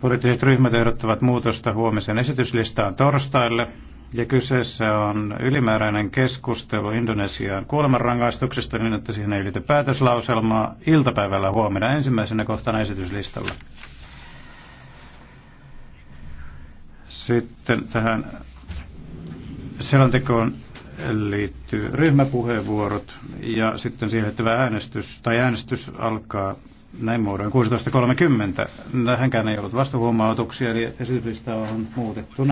Poliittiset ryhmät ehdottavat muutosta huomisen esityslistaan torstaille. Ja kyseessä on ylimääräinen keskustelu Indonesian kuolemanrangaistuksesta niin, että siihen ei liity päätöslauselmaa iltapäivällä huomenna ensimmäisenä kohtana esityslistalla. Sitten tähän selontekoon liittyy ryhmäpuheenvuorot ja sitten siihen liittyvä äänestys, tai äänestys alkaa näin muodoin 16.30. Hänkään ei ollut vastahuomautuksia, eli esitystä on muutettu.